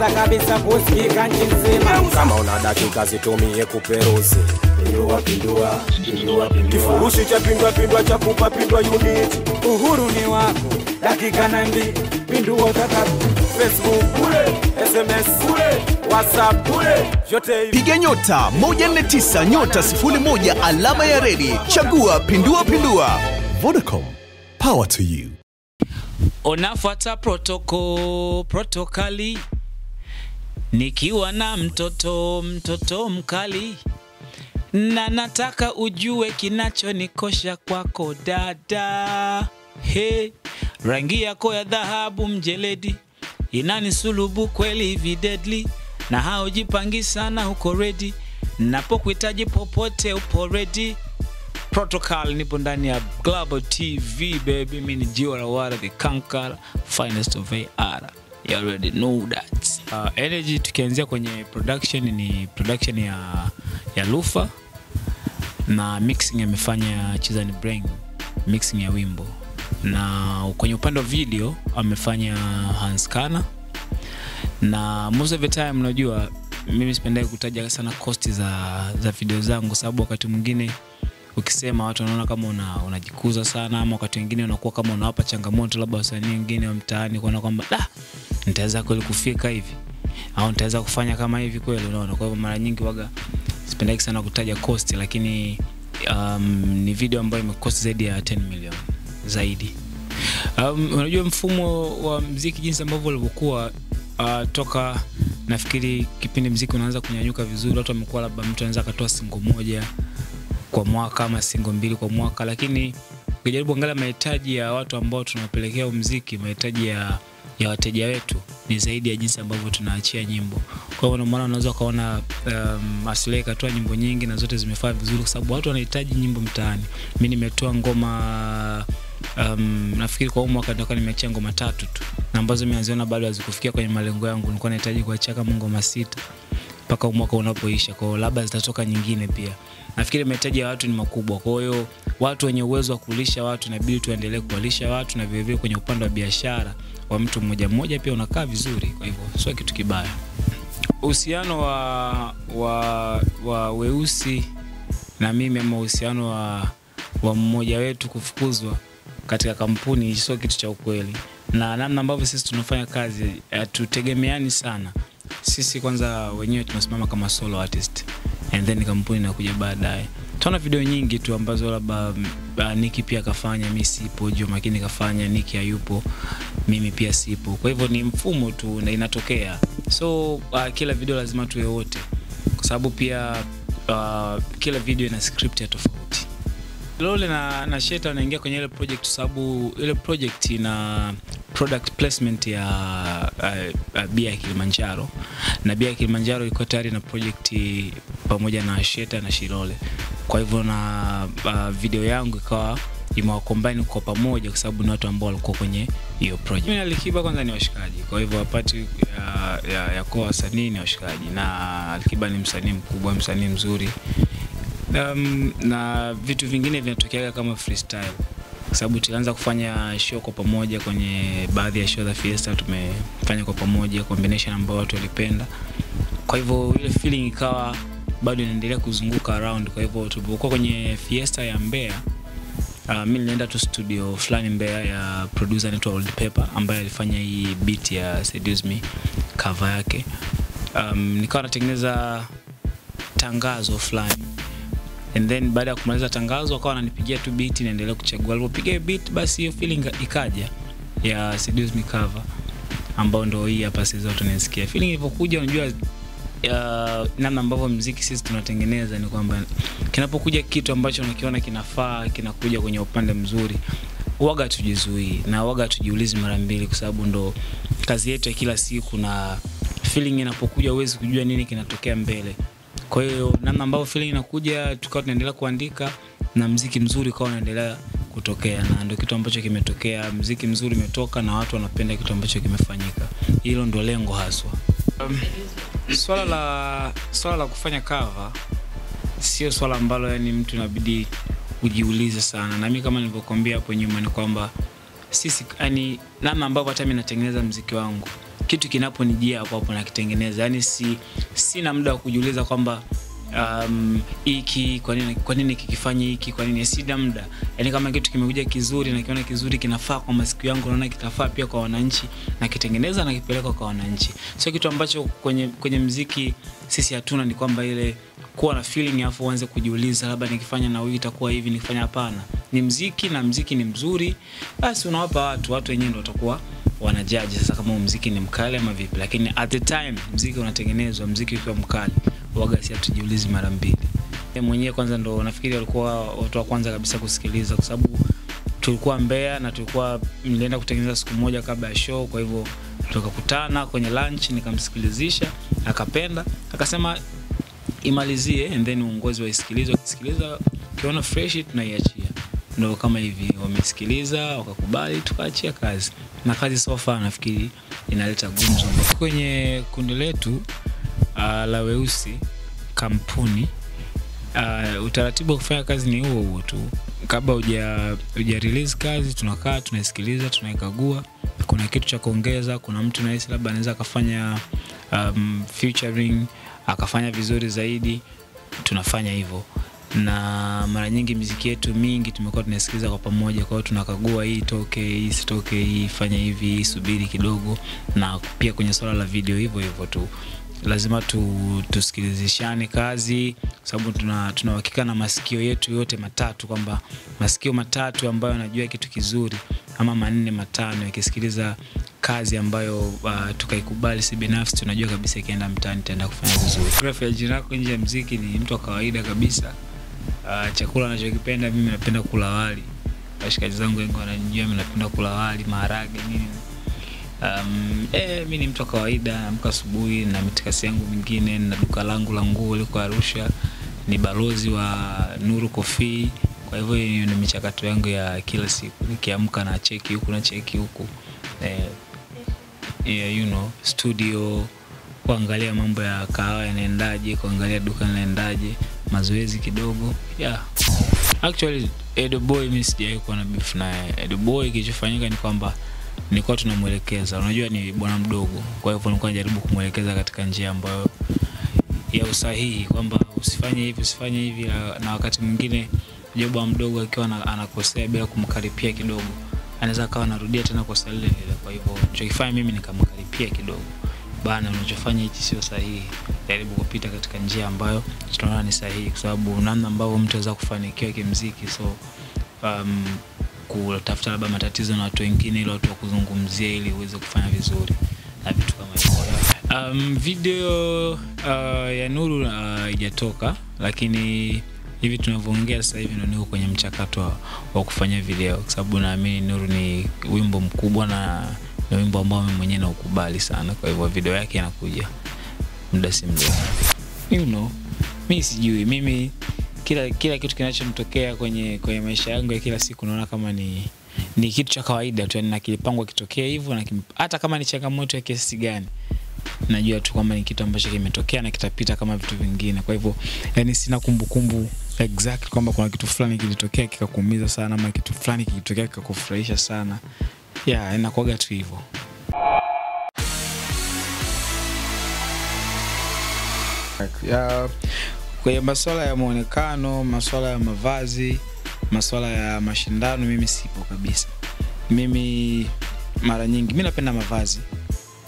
kwanza kabisa kusikika nchi nzima. Kama una dakika zitumie kuperuzi pindua pindua pindua pindua, kifurushi cha pindua pindua cha kupa pindua unit. Uhuru ni wako, dakika na mbi pindua utakapo. Facebook Ule. SMS Ule. WhatsApp bure piga nyota 149 nyota 01 alama ya redi chagua pindua pindua vodacom power to you unafuata protoko protokali nikiwa na mtoto mtoto mkali, na nataka ujue kinachonikosha kwako dada. He, rangi yako ya dhahabu mjeledi inanisulubu kweli hivi deadly, na haujipangi sana, huko ready napokuhitaji popote, upo ready. Protocol, nipo ndani ya Global TV baby, mimi ni Jiwa Rawara the Kankara, finest of AR, you already know that. Uh, energy tukianzia kwenye production ni production ya, ya Lufa na mixing amefanya Chizani Brain, mixing ya wimbo, na kwenye upande wa video amefanya Hans Kana, na most of the time unajua mimi sipendai kutaja sana cost za, za video zangu, sababu wakati mwingine ukisema watu wanaona kama una, unajikuza sana, ama wakati wengine unakuwa kama unawapa changamoto labda wasanii wengine wa mtaani kuona kwamba ah, nitaweza kweli kufika hivi au nitaweza kufanya kama hivi kweli, unaona. Kwa hivyo mara nyingi waga sipendaki sana kutaja cost, lakini um, ni video ambayo imekost zaidi ya 10 million zaidi. Um, unajua mfumo wa mziki jinsi ambavyo ulivyokuwa uh, toka nafikiri kipindi mziki unaanza kunyanyuka vizuri, watu wamekuwa labda mtu anaweza akatoa singo moja kwa mwaka ama singo mbili kwa mwaka, lakini ukijaribu angalia mahitaji ya watu ambao tunawapelekea mziki, mahitaji ya ya wateja wetu ni zaidi ya jinsi ambavyo tunaachia nyimbo. Kwa hiyo maana unaweza ukaona um, Asile ikatoa nyimbo nyingi na zote zimefaa vizuri, kwa sababu watu wanahitaji nyimbo mtaani. Mi nimetoa ngoma um, nafikiri kwa huu mwaka nitakuwa nimeachia ngoma tatu tu, na ambazo mi naziona bado hazikufikia kwenye malengo yangu. Nilikuwa nahitaji kuachia kama ngoma sita mpaka mwaka unapoisha, kwa labda zitatoka nyingine pia. Nafikiri mahitaji ya watu ni makubwa, kwa hiyo watu wenye uwezo wa kulisha watu inabidi tuendelee kuwalisha watu, na vilevile kwenye upande wa biashara wa mtu mmoja mmoja pia unakaa vizuri, kwa hivyo sio kitu kibaya. Uhusiano wa, wa, wa weusi na mimi ama uhusiano wa, wa mmoja wetu kufukuzwa katika kampuni sio kitu cha ukweli, na namna ambavyo sisi tunafanya kazi hatutegemeani sana sisi kwanza wenyewe tunasimama kama solo artist and then kampuni inakuja baadaye. Tuna video nyingi tu ambazo labda uh, ah, Niki pia kafanya, mi sipo, Jo Makini kafanya, Niki hayupo, mimi pia sipo. Kwa hivyo ni mfumo tu na inatokea. So uh, kila video lazima tuwe wote, kwa sababu pia uh, kila video ina script ya tofauti. Lole na, na Sheta wanaingia kwenye ile project sababu ile project ina product placement ya uh, uh, bia ya Kilimanjaro na bia ya Kilimanjaro iko tayari na project pamoja na Sheta na Shilole. Kwa hivyo na uh, video yangu ikawa imewakombine kwa pamoja, kwa sababu ni watu ambao walikuwa kwenye hiyo project. Mimi Alikiba kwanza ni washikaji, kwa hivyo wapati ya, ya, ya kuwa wasanii ni washikaji, na Alikiba ni msanii mkubwa, msanii mzuri um, na vitu vingine vinatokeaga kama freestyle kwa sababu tulianza kufanya show kwa pamoja kwenye baadhi ya show za Fiesta, tumefanya kwa pamoja combination ambayo watu walipenda. Kwa hivyo ile feeling ikawa bado inaendelea kuzunguka around. Kwa hivyo tulipokuwa kwenye Fiesta ya Mbeya, uh, ah, mi nilienda tu studio fulani Mbeya ya producer anaitwa Old Pepper ambaye alifanya hii beat ya Seduce Me cover yake. Um, nikawa natengeneza tangazo fulani and then baada ya kumaliza tangazo akawa ananipigia tu beat naendelea kuchagua. Alipopiga hiyo beat, basi hiyo feeling ikaja ya Seduce Me cover ambayo ndio hii hapa sasa zote tunasikia. Feeling ilipokuja, unajua uh, namna ambavyo muziki sisi tunatengeneza ni kwamba kinapokuja kitu ambacho unakiona kinafaa kinakuja kwenye upande mzuri waga tujizui na waga tujiulizi mara mbili kwa sababu ndo kazi yetu ya kila siku na feeling inapokuja huwezi kujua nini kinatokea mbele kwa hiyo namna ambavyo feeling inakuja, tukawa tunaendelea kuandika na mziki mzuri ukawa unaendelea kutokea, na ndio kitu ambacho kimetokea. Mziki mzuri umetoka na watu wanapenda kitu ambacho kimefanyika, hilo ndo lengo haswa. Um, swala la swala la kufanya cover sio swala ambalo yani mtu inabidi ujiulize sana, na mimi kama nilivyokuambia hapo nyuma ni kwamba sisi yani, namna ambavyo hata mimi natengeneza mziki wangu, kitu kinaponijia hapo hapo nakitengeneza. Yani si sina muda wa kujiuliza kwamba um, iki kwa nini kwa nini kikifanya hiki kwa nini sida muda yani kama kitu kimekuja kizuri na kiona kizuri kinafaa kwa masikio yangu naona kitafaa pia kwa wananchi na kitengeneza na kipeleka kwa wananchi sio kitu ambacho kwenye kwenye mziki sisi hatuna ni kwamba ile kuwa na feeling afu uanze kujiuliza labda nikifanya na huyu itakuwa hivi nikifanya hapana ni mziki na mziki ni mzuri basi unawapa watu watu wenyewe ndio watakuwa wanajaji sasa kama mziki ni mkali ama vipi lakini at the time mziki unatengenezwa mziki ukiwa mkali waga si hatujiulizi mara mbili. Mwenyewe kwanza ndo nafikiri walikuwa watu wa kwanza kabisa kusikiliza, kwa sababu tulikuwa Mbeya na tulikuwa nilienda kutengeneza siku moja kabla ya show, kwa hivyo tukakutana kwenye lunch, nikamsikilizisha akapenda, akasema imalizie and then uongozi waisikilize, wakisikiliza kiona fresh tunaiachia. Ndo kama hivi wamesikiliza, wakakubali, tukaachia kazi na kazi sofa nafikiri inaleta gumzo kwenye kundi letu uh, la weusi kampuni uh, utaratibu wa kufanya kazi ni huo huo tu kabla uja, uja release kazi tunakaa tunaisikiliza tunaikagua kuna kitu cha kuongeza kuna mtu nahisi labda anaweza akafanya um, featuring akafanya vizuri zaidi tunafanya hivyo na mara nyingi miziki yetu mingi tumekuwa tunasikiliza kwa pamoja kwa hiyo tunakagua hii toke hii sitoke hii fanya hivi hii subiri kidogo na pia kwenye swala la video hivyo hivyo tu lazima tu, tusikilizishane kazi, sababu tuna, tuna uhakika na masikio yetu yote matatu kwamba masikio matatu ambayo anajua kitu kizuri ama manne matano yakisikiliza kazi ambayo uh, tukaikubali si binafsi, tunajua kabisa ikienda mtaani itaenda kufanya vizuri. Grafu ya jina lako nje ya mziki ni mtu wa kawaida kabisa. Uh, chakula anachokipenda mimi napenda kula wali, washikaji zangu wengi wananijua mimi napenda kula wali, maharage nini Um, e, mi ni mtu wa kawaida, naamka asubuhi na mitikasi yangu mingine na duka langu la nguo liko Arusha, ni balozi wa Nuru Coffee. Kwa hivyo hiyo ni michakato yangu ya kila siku, nikiamka na cheki huku na cheki huku eh, yeah, you know, studio kuangalia mambo ya kahawa yanaendaje, kuangalia duka linaendaje, mazoezi kidogo yeah. Actually Edboy mi sijawahi kuwa na beef naye. Boy kilichofanyika ni kwamba nilikuwa tunamwelekeza, unajua ni bwana mdogo, kwa hivyo nilikuwa najaribu kumwelekeza katika njia ambayo ya usahihi kwamba usifanye hivi usifanye hivi, na wakati mwingine joba mdogo akiwa anakosea bila kumkaripia kidogo, anaweza akawa anarudia tena kosa lile lile. Kwa hivyo nilichokifanya mimi nikamkaripia kidogo, bana, unachofanya hichi sio sahihi, jaribu kupita katika njia ambayo tunaona ni sahihi, kwa sababu namna ambavyo mtu anaweza kufanikiwa kimziki so um, kutafuta labda matatizo na watu wengine, ili watu wakuzungumzia, ili uweze kufanya vizuri na vitu kama hivyo. Um, video uh, ya Nuru uh, haijatoka uh, lakini hivi tunavyoongea sasa hivi ndo niko kwenye mchakato wa, wa kufanya video, kwa sababu naamini Nuru ni wimbo mkubwa na ni wimbo ambao mimi mwenyewe naukubali sana, kwa hivyo video yake inakuja muda si mrefu. You know, mi sijui mimi kila, kila kitu kinachotokea kwenye, kwenye maisha yangu ya kila siku naona kama ni, ni kitu cha kawaida tu, yaani na kilipangwa kitokee hivyo, na hata kama ni changamoto ya kiasi gani najua tu kwamba ni kitu ambacho kimetokea na kitapita kama vitu vingine. Kwa hivyo yani, sina kumbukumbu kumbu exact kwamba kuna kitu fulani kilitokea kikakuumiza sana ama kitu fulani kilitokea kikakufurahisha sana. Yeah, inakuwaga tu hivyo. Uh, kwenye hiyo masuala ya mwonekano, masuala ya mavazi, masuala ya mashindano, mimi sipo kabisa. Mimi mara nyingi mi napenda mavazi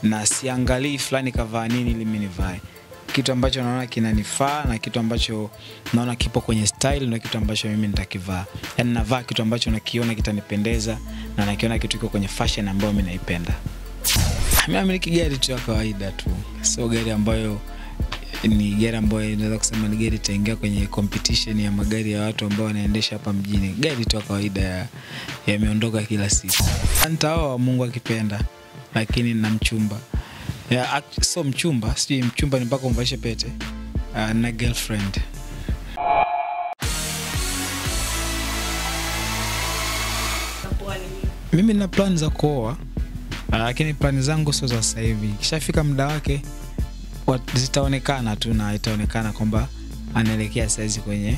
na siangalii fulani kavaa nini ili mimi nivae kitu ambacho naona kinanifaa na kitu ambacho naona kipo kwenye style na kitu ambacho mimi nitakivaa. Yani navaa kitu ambacho nakiona kitanipendeza na nakiona kitu kiko kwenye fashion ambayo mimi naipenda. Mimi namiliki gari tu ya kawaida tu, sio gari ambayo ni gari ambayo inaweza kusema ni gari itaingia kwenye competition ya magari ya watu ambao wanaendesha hapa mjini, gari tu kawaida ya, ya kila siku. Nitaoa Mungu akipenda, lakini na mchumba so mchumba, sijui mchumba ni mpaka umvaishe pete uh, na girlfriend mimi na plan za kuoa lakini plani zangu sio za sasa hivi, kishafika muda wake zitaonekana tu na itaonekana kwamba anaelekea saizi kwenye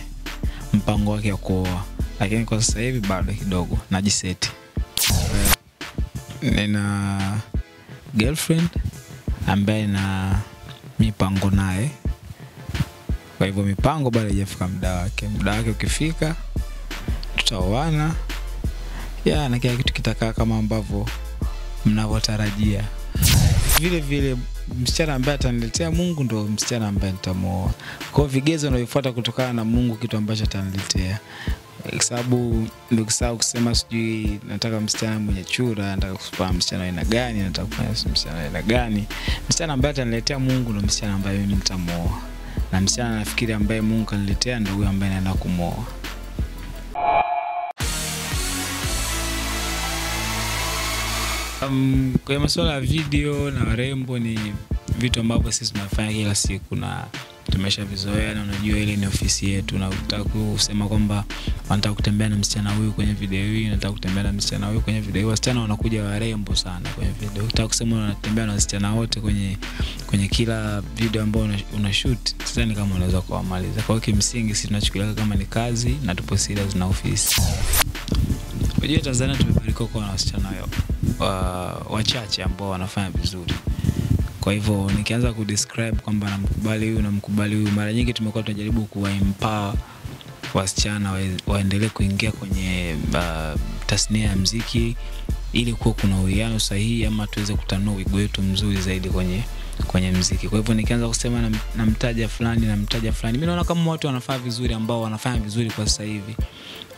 mpango wake wa kuoa, lakini kwa sasa hivi bado kidogo najiseti. Nina girlfriend ambaye na mipango naye, kwa hivyo mipango bado haijafika muda wake. Muda wake ukifika, tutaoana ya na kila kitu kitakaa kama ambavyo mnavyotarajia vile vile msichana ambaye ataniletea Mungu ndo msichana ambaye nitamwoa. Kwa hiyo vigezo navyofuata kutokana na Mungu, kitu ambacho ataniletea sababu nikusahau kusema sijui nataka msichana mwenye chura, nataka kupaa msichana aina gani, nataka kufanya msichana aina gani. Msichana ambaye ataniletea Mungu ndo msichana ambaye mimi nitamwoa, na msichana nafikiri ambaye Mungu kaniletea ndo huyo ambaye naenda kumwoa. Um, kwenye masuala ya video na warembo ni vitu ambavyo sisi tunafanya kila siku na tumesha vizoea na unajua ile ni ofisi yetu na utaka kusema kwamba wanataka kutembea na msichana huyu kwenye video hii nataka kutembea na msichana huyu kwenye video hii wasichana wanakuja warembo sana kwenye video utaka kusema unatembea na wasichana wote kwenye kwenye kila video ambayo una shoot ni kama unaweza kuwamaliza kwa hiyo kimsingi sisi tunachukulia kama ni kazi na tupo serious na ofisi unajua Tanzania tumebarikiwa kuwa na wasichana wengi wachache wa ambao wanafanya vizuri. Kwa hivyo nikianza kudescribe kwamba namkubali huyu namkubali huyu, mara nyingi tumekuwa tunajaribu kuwaempower wasichana waendelee kuingia kwenye uh, tasnia ya mziki ili kuwa kuna uwiano sahihi ama tuweze kutanua wigo wetu mzuri zaidi kwenye kwenye mziki. Kwa hivyo nikianza kusema na, na fulani na mtaja fulani, mi naona kama watu wanafanya vizuri ambao wanafanya vizuri kwa sasa hivi,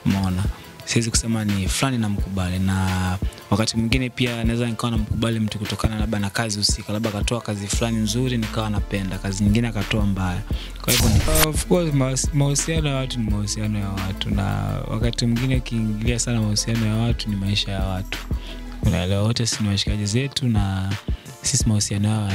umeona, siwezi kusema ni fulani namkubali na, mkubali, na Wakati mwingine pia naweza nikawa namkubali mtu kutokana labda na kazi husika, labda akatoa kazi fulani nzuri nikawa napenda, kazi nyingine akatoa mbaya. Kwa hivyo of course mahusiano ya watu ni mahusiano ya watu, na wakati mwingine ukiingilia sana mahusiano ya watu ni maisha ya watu. Unaelewa, wote si ni washikaji zetu na sisi mahusiano yao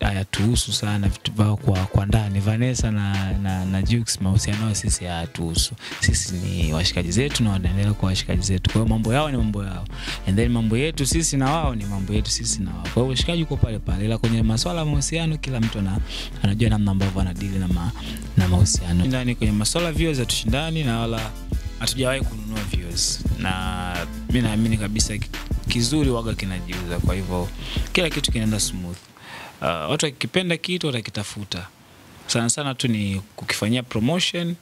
hayatuhusu haya, haya sana vitu vyao kwa, kwa ndani. Vanessa na, na, na Jux mahusiano yao sisi hayatuhusu. Sisi ni washikaji zetu na wanaendelea kuwa washikaji zetu, kwa hiyo mambo yao ni mambo yao, and then mambo yetu sisi na wao ni mambo yetu sisi na wao. Kwa hiyo ushikaji uko pale pale, ila kwenye maswala ya mahusiano kila mtu na, anajua namna ambavyo anadili na, ma, na mahusiano ndani. Kwenye maswala views hatushindani na wala hatujawahi kununua views experience na mi naamini kabisa kizuri waga kinajiuza kwa hivyo kila kitu kinaenda smooth uh, watu wakipenda kitu watakitafuta sana sana tu ni kukifanyia promotion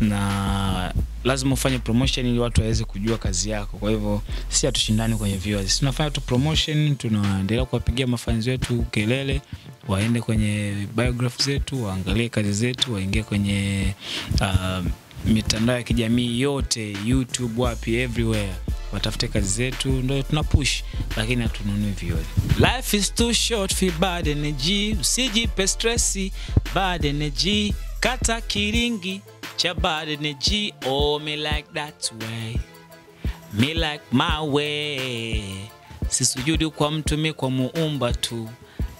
na lazima ufanye promotion ili watu waweze kujua kazi yako kwa hivyo si hatushindani kwenye viewers tunafanya tu promotion tunaendelea kuwapigia mafans wetu kelele waende kwenye biograph zetu waangalie kazi zetu waingie kwenye uh, mitandao ya kijamii yote, YouTube wapi, everywhere watafute kazi zetu, ndo tuna push, lakini hatununui violi Life is too short for bad energy, usijipe stress bad energy, kata kiringi cha bad energy. Oh, me like that way, me like my way. Sisujudi kwa mtu, mi kwa muumba tu,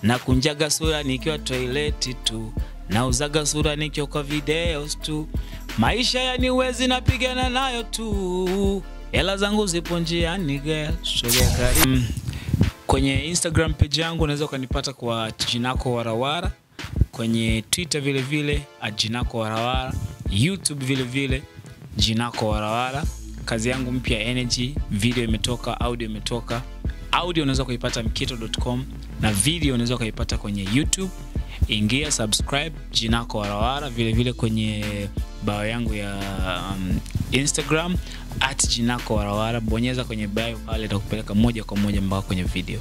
na kunjaga sura nikiwa toileti tu, na uzaga sura nikiwa kwa videos tu Maisha yaniwezi napigana nayo tu, hela zangu zipo njiani girl, sogea mm. Kwenye Instagram page yangu unaweza ukanipata kwa Jinako Warawara, kwenye Twitter vile vile Jinako Warawara, YouTube vile vile Jinako Warawara. Kazi yangu mpya Energy, video imetoka, audio imetoka. Audio unaweza kuipata mkito.com na video unaweza ukaipata kwenye YouTube ingia subscribe jinako warawara vile vile kwenye bao yangu ya um, instagram at jinako warawara bonyeza kwenye bio pale itakupeleka moja kwa moja mpaka kwenye video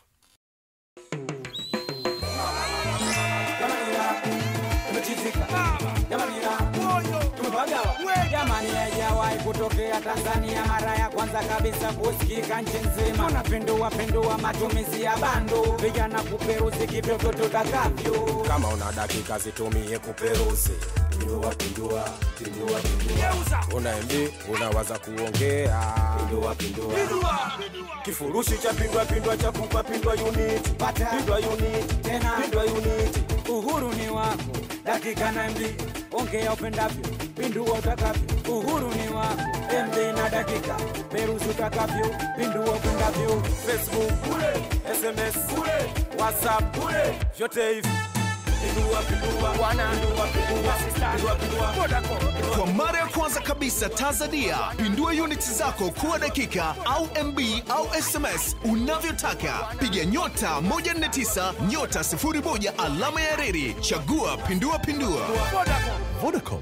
ya Tanzania mara ya kwanza kabisa kusikika nchi nzima. Unapindua pindua matumizi ya bando, vijana kuperuzi kivyo tutakavyo. Kama una dakika zitumie kuperuzi Pindua, pindua, pindua, pindua. Una MB unawaza kuongea pindua, pindua. Pindua. Kifurushi cha pindua pindua cha kupa pindua unit pata pindua unit tena pindua unit. Uhuru ni wako, dakika na MB, ongea upendavyo pindu utakavyo, uhuru ni wako. MB na dakika peruzi utakavyo, pindu upendavyo. Facebook bure, SMS bure, WhatsApp bure, vyote hivi kwa mara ya kwanza kabisa Tanzania, pindua unit zako kuwa dakika au MB au SMS unavyotaka. Piga nyota 149 nyota 01 alama ya reri, chagua pindua pindua. Vodacom.